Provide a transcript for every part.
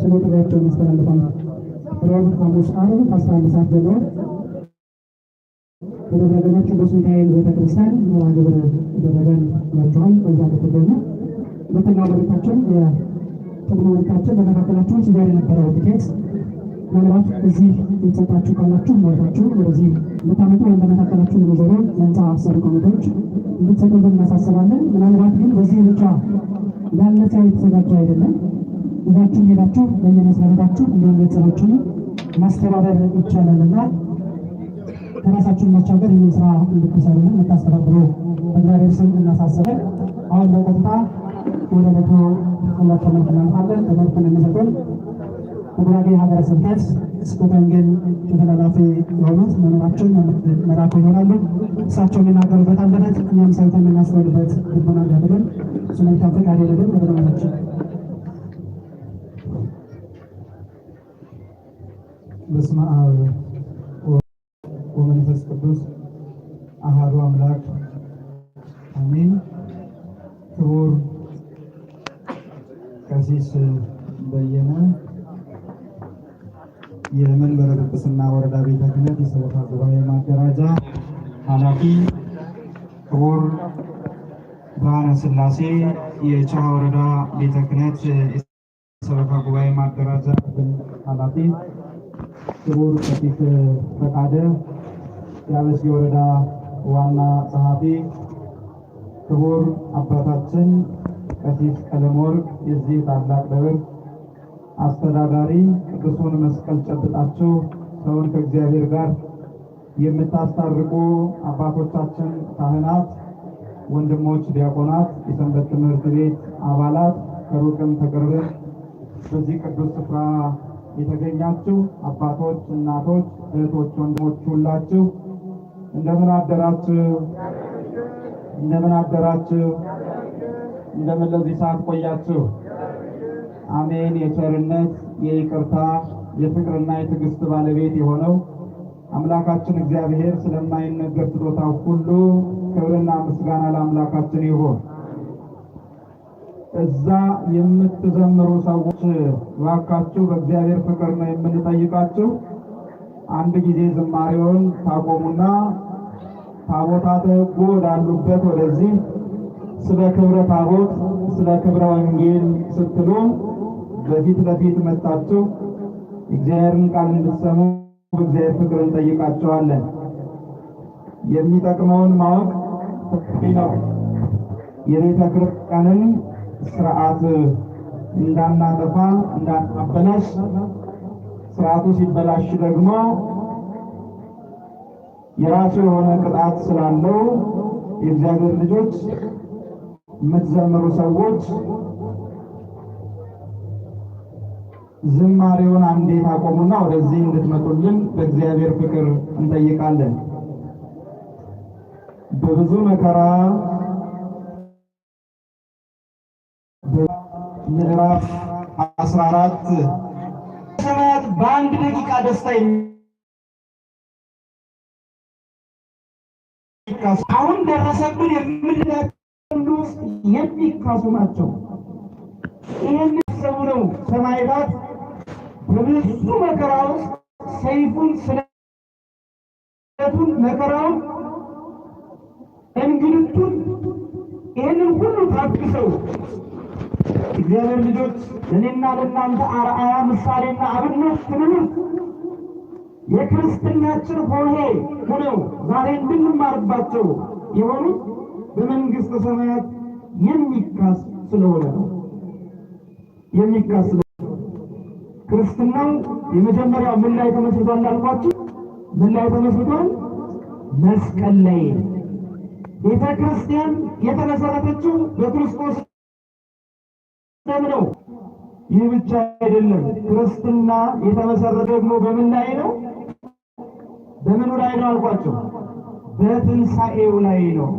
ስለ ጥሪያቸውን ያስተላልፋል። ሮብ፣ ሐሙስ፣ ዓርብ ከአስራ አንድ ሰዓት ጀምሮ በተዘጋጀች ቅዱስ ቤተክርስቲያን መርሃ ግብር ይደረጋል ናቸዋል። በዛ ከተገኙ ሁለተኛ መልእክታችን የጥቅሞ መልእክታችን በመካከላችሁን ሲጋር የነበረው ቲኬት ምናልባት እዚህ የተሰጣችሁ ካላችሁ ሞታችሁ ወደዚህ እንድታመጡ ወይም በመካከላችሁ የሚዞሩ የህንፃ አሰሪ ኮሚቴዎች እንድትሰጡብን እናሳስባለን። ምናልባት ግን በዚህ ብቻ ላለፈ የተዘጋጀ አይደለም። ሁላችሁ ሄዳችሁ በየመስሪያ ቤታችሁ እንዲሁም ቤተሰባችሁን ማስተባበር ይቻላልና ከራሳችሁን ማቻገር ይህን ስራ እንድትሰሩልን የምታስተባብሩ በእግዚአብሔር ስም እናሳስበን። አሁን በቀጥታ ወደ ለቶ ሁላቸመልክ እናልፋለን። በመልኩን የሚሰጡን ጉራጌ ሀገረ ስብከት ስኮተንግል ተተላላፊ የሆኑት መምህራችን መላኩ ይሆናሉ። እሳቸው የሚናገሩበት አንደበት እኛም ሳይተን የምናስተውልበት ልቦና እንዲያደለን ስመልካፈቅ አደለግን ወደ ለማለችን በስመ አብ ወመንፈስ ቅዱስ አሃዱ አምላክ አሜን። ክቡር ቀሲስ በየነ የመንበረ ጵጵስና ወረዳ ቤተ ክህነት የሰበካ ጉባኤ ማደራጃ ኃላፊ፣ ክቡር ብርሃነ ሥላሴ የቸሃ ወረዳ ቤተ ክህነት የሰበካ ጉባኤ ማደራጃ ኃላፊ ክቡር ከፊት ፈቃደ የአበስጌ ወረዳ ዋና ጸሐፊ፣ ክቡር አባታችን ቀሲስ ቀለም ወርቅ የዚህ ታላቅ ደብር አስተዳዳሪ፣ ቅዱሱን መስቀል ጨብጣችሁ ሰውን ከእግዚአብሔር ጋር የምታስታርቁ አባቶቻችን ካህናት፣ ወንድሞች ዲያቆናት፣ የሰንበት ትምህርት ቤት አባላት ከሩቅም ተቀርበን በዚህ ቅዱስ ስፍራ የተገኛችሁ አባቶች፣ እናቶች፣ እህቶች፣ ወንድሞች ሁላችሁ እንደምን አደራችሁ? እንደምን አደራችሁ? እንደምን ለዚህ ሰዓት ቆያችሁ? አሜን። የቸርነት የይቅርታ የፍቅርና የትዕግስት ባለቤት የሆነው አምላካችን እግዚአብሔር ስለማይነገር ስጦታው ሁሉ ክብርና ምስጋና ለአምላካችን ይሁን። እዛ የምትዘምሩ ሰዎች እባካችሁ በእግዚአብሔር ፍቅር ነው የምንጠይቃችሁ። አንድ ጊዜ ዝማሬውን ታቆሙና ታቦታተ ሕጉ ወዳሉበት ወደዚህ ስለ ክብረ ታቦት ስለ ክብረ ወንጌል ስትሉ በፊት ለፊት መጣችሁ እግዚአብሔርን ቃል እንድትሰሙ በእግዚአብሔር ፍቅር እንጠይቃቸዋለን። የሚጠቅመውን ማወቅ ነው። የቤተ ክርስቲያንን ስርዓት እንዳናጠፋ እንዳናበላሽ፣ ስርዓቱ ሲበላሽ ደግሞ የራሱ የሆነ ቅጣት ስላለው የእግዚአብሔር ልጆች የምትዘምሩ ሰዎች ዝማሬውን አንዴት አቆሙና ወደዚህ እንድትመጡልን በእግዚአብሔር ፍቅር እንጠይቃለን። በብዙ መከራ ምዕራፍ 14 ሰማያት በአንድ ደቂቃ ደስታ አሁን ደረሰብን የምንሉ የሚካሱ ናቸው። ይህን ሰው ነው ሰማዕታት በብዙ መከራ ውስጥ ሰይፉን ስለቱን መከራውን እንግልቱን ይህንን ሁሉ ታግሰው እግዚአብሔር ልጆች ለእኔና ለእናንተ አርአያ ምሳሌና አብነት ትንሉ የክርስትናችን ሆሄ ሆነው ዛሬ እንድንማርባቸው የሆኑ በመንግሥተ ሰማያት የሚካስ ስለሆነ ነው። የሚካስ ክርስትናው የመጀመሪያው ምን ላይ ተመስርቷል? እንዳልኳችሁ ምን ላይ ተመስርቷል? መስቀል ላይ። ቤተ ክርስቲያን የተመሰረተችው በክርስቶስ ሲስተም ነው። ይህ ብቻ አይደለም። ክርስትና የተመሰረተ ደግሞ በምን ላይ ነው? በምኑ ላይ ነው አልኳቸው? በትንሣኤው ላይ ነው።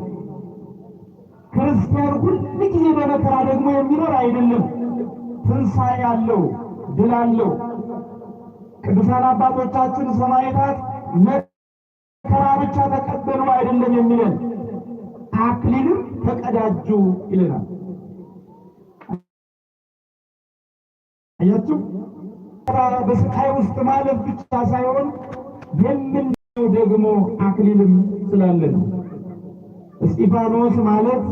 ክርስቲያን ሁል ጊዜ በመከራ ደግሞ የሚኖር አይደለም። ትንሣኤ አለው፣ ድል አለው። ቅዱሳን አባቶቻችን ሰማዕታት መከራ ብቻ ተቀበሉ አይደለም የሚለን አክሊልም ተቀዳጁ ይለናል። አያችሁ፣ በስቃይ ውስጥ ማለፍ ብቻ ሳይሆን የምንለው ደግሞ አክሊልም ስላለ እስጢፋኖስ ማለት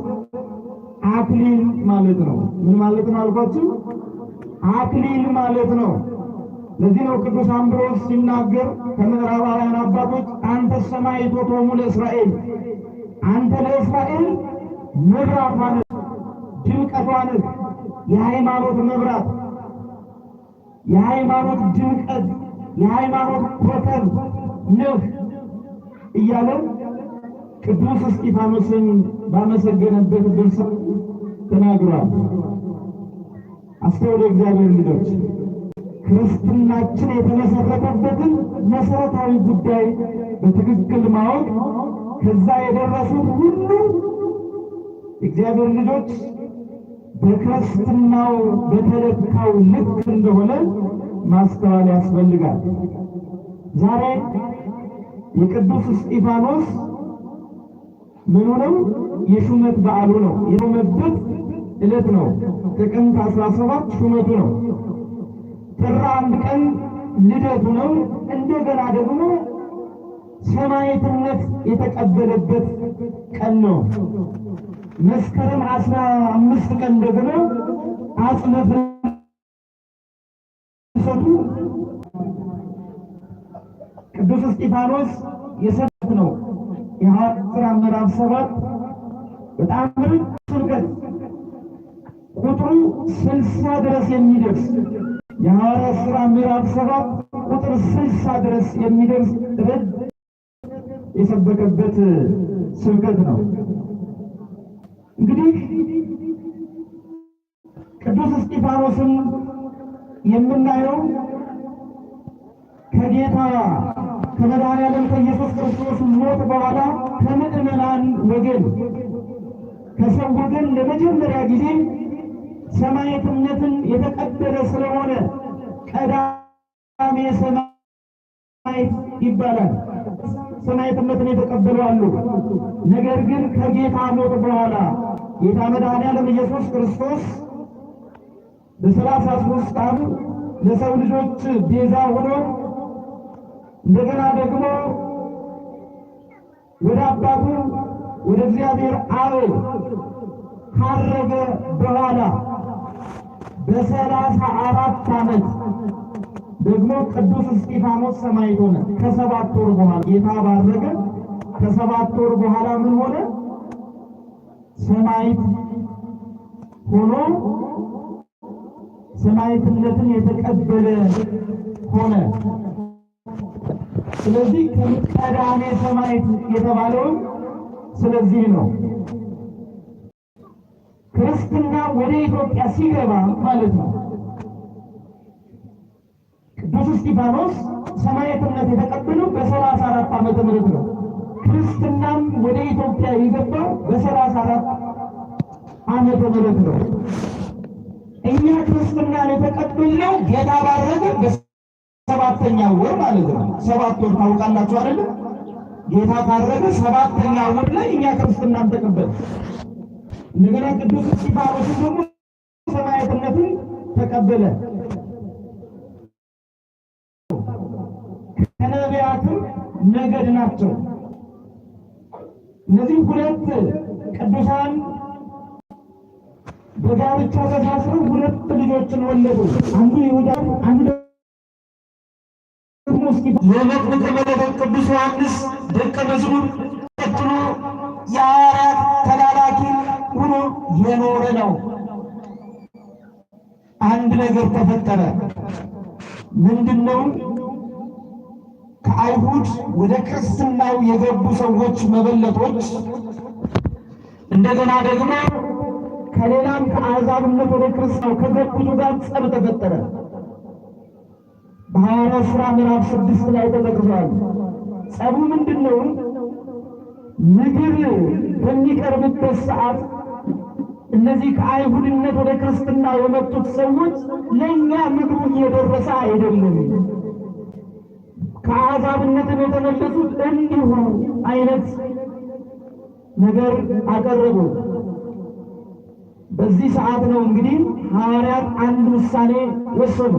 አክሊል ማለት ነው። ምን ማለት ነው አልኳችሁ? አክሊል ማለት ነው። ለዚህ ነው ቅዱስ አምብሮስ ሲናገር ከምዕራባውያን አባቶች አንተ ሰማዕት ቶሙ ለእስራኤል፣ አንተ ለእስራኤል መብራቷ ነህ፣ ድምቀቷ የሃይማኖት መብራት የሃይማኖት ድምቀት፣ የሃይማኖት ኮከብ ነህ እያለው ቅዱስ እስጢፋኖስን ባመሰገነበት ድርሰት ተናግሯል። አስተውሎ እግዚአብሔር ልጆች ክርስትናችን የተመሰረተበትን መሰረታዊ ጉዳይ በትክክል ማወቅ ከዛ የደረሱት ሁሉ እግዚአብሔር ልጆች በክርስትናው በተለካው ልክ እንደሆነ ማስተዋል ያስፈልጋል። ዛሬ የቅዱስ እስጢፋኖስ ምኑ ነው? የሹመት በዓሉ ነው። የሾመበት ዕለት ነው። ጥቅምት 17 ሹመቱ ነው። ጥር አንድ ቀን ልደቱ ነው። እንደገና ደግሞ ሰማዕትነት የተቀበለበት ቀን ነው። መስከረም አስራ አምስት ቀን ደግሞ አጽመ ፍልሰቱ ቅዱስ እስጢፋኖስ የሰት ነው። የሐዋርያት ሥራ ምዕራፍ ሰባት በጣም ስብከት ቁጥሩ ስልሳ ድረስ የሚደርስ የሐዋርያት ሥራ ምዕራፍ ሰባት ቁጥር ስልሳ ድረስ የሚደርስ ረድ የሰበከበት ስብከት ነው። እንግዲህ ቅዱስ እስጢፋኖስን የምናየው ከጌታ ከመድኃኒዓለም ከኢየሱስ ክርስቶስ ሞት በኋላ ከምዕመናን ወገን ከሰው ወገን ለመጀመሪያ ጊዜ ሰማዕትነትን የተቀበለ ስለሆነ ቀዳሜ ሰማዕት ይባላል። ሰማዕትነትን የተቀበሉ አሉ። ነገር ግን ከጌታ ሞት በኋላ ጌታ መድኃኔዓለም ኢየሱስ ክርስቶስ በሰላሳ ሦስት ዓመት ለሰው ልጆች ቤዛ ሆኖ እንደገና ደግሞ ወደ አባቱ ወደ እግዚአብሔር አብ ካረገ በኋላ በሰላሳ አራት ዓመት ደግሞ ቅዱስ እስጢፋኖስ ሰማዕት ሆነ። ከሰባት ወር በኋላ ጌታ ባረገ ከሰባት ወር በኋላ ምን ሆነ? ሰማይት ሆኖ ሰማይትነትን የተቀበለ ሆነ። ስለዚህ ከምጣኔ ሰማዕት የተባለውን ስለዚህ ነው። ክርስትና ወደ ኢትዮጵያ ሲገባ ማለት ነው። ቅዱስ እስጢፋኖስ ሰማዕትነት የተቀበለው በሰላሳ አራት ዓመተ ምህረት ነው። ክርስትናም ወደ ኢትዮጵያ የገባው በሰላሳ አራት ዓመተ ምህረት ነው። እኛ ክርስትናን የተቀበልነው ጌታ ባረገ በሰባተኛ ወር ማለት ነው። ሰባት ወር ታውቃላችሁ አይደለም? ጌታ ካረገ ሰባተኛ ወር ላይ እኛ ክርስትናን ተቀበል። እንደገና ቅዱስ እስጢፋኖስን ደግሞ ሰማዕትነትን ተቀበለ። ከነቢያትም ነገድ ናቸው። እነዚህ ሁለት ቅዱሳን በጋብቻ ተሳስረው ሁለት ልጆችን ወለዱ። አንዱ ይሁዳ፣ አንዱ የመጥምቀ መለኮት ቅዱስ ዮሐንስ ደቀ መዝሙር ቀጥሎ የሐዋርያት ተላላኪ ሆኖ የኖረ ነው። አንድ ነገር ተፈጠረ። ምንድን ነው? ከአይሁድ ወደ ክርስትናው የገቡ ሰዎች መበለቶች፣ እንደገና ደግሞ ከሌላም ከአሕዛብነት ወደ ክርስትናው ከገቡት ጋር ጸብ ተፈጠረ። በሐዋርያት ሥራ ምዕራፍ ስድስት ላይ ተጠቅሷል። ጸቡ ምንድን ነው? ምግብ በሚቀርብበት ሰዓት እነዚህ ከአይሁድነት ወደ ክርስትና የመጡት ሰዎች ለእኛ ምግቡ እየደረሰ አይደለም ከአሕዛብነትም የተመለሱት እንዲሁ አይነት ነገር አቀረቡ። በዚህ ሰዓት ነው እንግዲህ ሐዋርያት አንድ ውሳኔ ወሰኑ።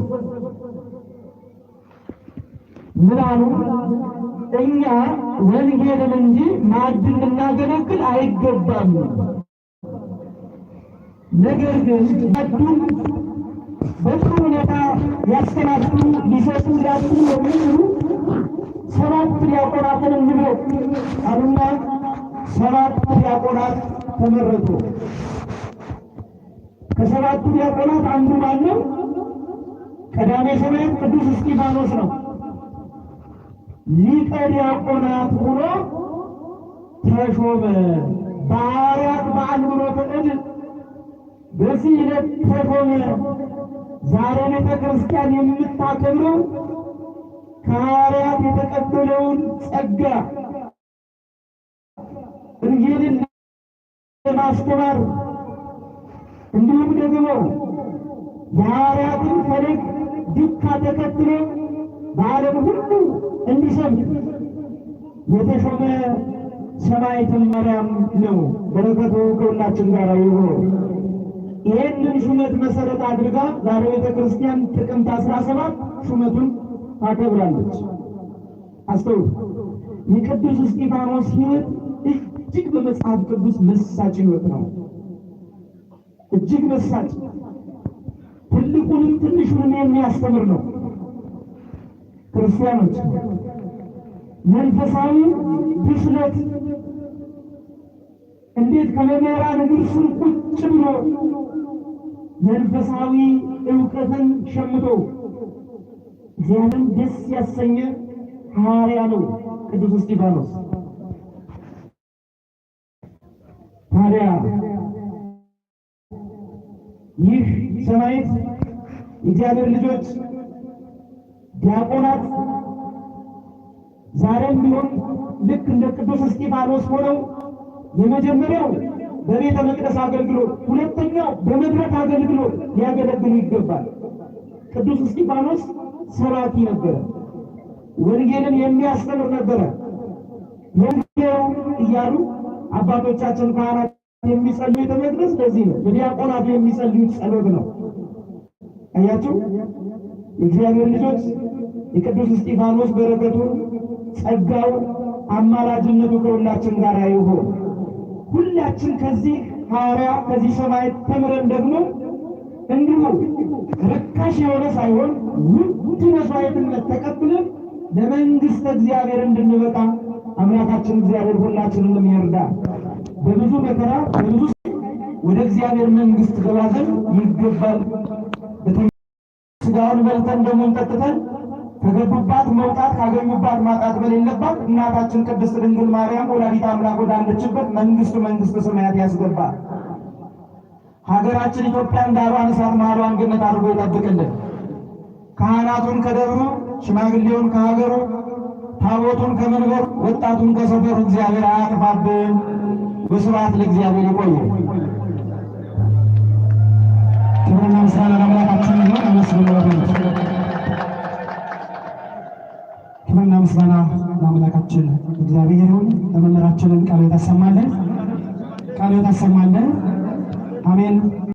ምን አሉ? እኛ ወንጌልን እንጂ ማዕድን ልናገለግል አይገባም። ነገር ግን ማዕዱን በጥሩ ሁኔታ ሊያስተናግዱ ሊሰጡ ሊያስቡ የሚችሉ ሰባት ዲያቆናትን እንምረጥ አሉና ሰባት ዲያቆናት ተመረጡ። ከሰባቱ ዲያቆናት አንዱ ማን ነው? ቀዳሜ ሰማያት ቅዱስ እስጢፋኖስ ነው። ሊቀ ዲያቆናት ሆኖ ተሾመ። በሐዋርያት በዓል ብሎ ተቀድ በዚህ ዕለት ተሾመ። ዛሬ ቤተ ክርስቲያን የምታከብረው ከሐዋርያት የተቀበለውን ጸጋ ወንጌልን ለማስተማር እንዲሁም ደግሞ የሐዋርያትን ፈለግ ድካ ተከትሎ በዓለም ሁሉ እንዲሰብክ የተሾመ ሰማዕት ማርያም ነው። በረከቱ ከሁላችን ጋር ይሁን። ይህንን ሹመት መሰረት አድርጋ ዛሬ ቤተ ክርስቲያን ጥቅምት አስራ ሰባት ሹመቱን ታከብራለች። አስተውል። የቅዱስ እስጢፋኖስ ሕይወት እጅግ በመጽሐፍ ቅዱስ መሳጭ ሕይወት ነው። እጅግ መሳጭ፣ ትልቁንም ትንሹንም የሚያስተምር ነው። ክርስቲያኖች መንፈሳዊ ብስለት እንዴት ከመምህራን እግር ስር ቁጭ ብሎ መንፈሳዊ እውቀትን ሸምቶ እግዚአብሔርን ደስ ያሰኘ ሐዋርያ ነው ቅዱስ እስጢፋኖስ። ታዲያ ይህ ሰማዕት የእግዚአብሔር ልጆች ዲያቆናት ዛሬም ቢሆን ልክ እንደ ቅዱስ እስጢፋኖስ ሆነው የመጀመሪያው በቤተ መቅደስ አገልግሎት፣ ሁለተኛው በመድረክ አገልግሎት ሊያገለግሉ ይገባል። ቅዱስ እስጢፋኖስ ሰባኪ ነበረ። ወንጌልን የሚያስተምር ነበረ። ወንጌው እያሉ አባቶቻችን ካህናት የሚጸልዩ ተመቅደስ በዚህ ነው። የዲያቆናቱ የሚጸልዩ ጸሎት ነው። አያችሁ፣ የእግዚአብሔር ልጆች የቅዱስ እስጢፋኖስ በረከቱ ጸጋው፣ አማላጅነቱ ከሁላችን ጋር ይሁን። ሁላችን ከዚህ ሐዋርያ ከዚህ ሰማዕት ተምረን ደግሞ እንዲሁ ርካሽ የሆነ ሳይሆን ውድ መስዋዕትነት ተቀብለን ለመንግስት እግዚአብሔር እንድንበቃ አምላካችን እግዚአብሔር ሁላችንንም ይርዳ። በብዙ መከራ በብዙ ወደ እግዚአብሔር መንግስት ገባዘን ይገባል። ስጋውን በልተን ደሙን ጠጥተን ከገቡባት መውጣት ካገኙባት ማጣት በሌለባት እናታችን ቅድስት ድንግል ማርያም ወላዲተ አምላክ ወዳለችበት መንግስቱ መንግሥተ ሰማያት ያስገባል። ሀገራችን ኢትዮጵያን ዳሯን እሳት ማሯን ገነት አድርጎ ይጠብቅልን። ካህናቱን ከደብሩ ሽማግሌውን ከሀገሩ ታቦቱን ከመንበሩ ወጣቱን ከሰፈሩ እግዚአብሔር አያጥፋብን። ብስራት ለእግዚአብሔር ይቆየ። ክብርና ምስጋና ለአምላካችን ይሁን። ክብርና ምስጋና ለአምላካችን እግዚአብሔር ይሁን። ለመምህራችንን ቃል የታሰማለን ቃል የታሰማለን አሜን።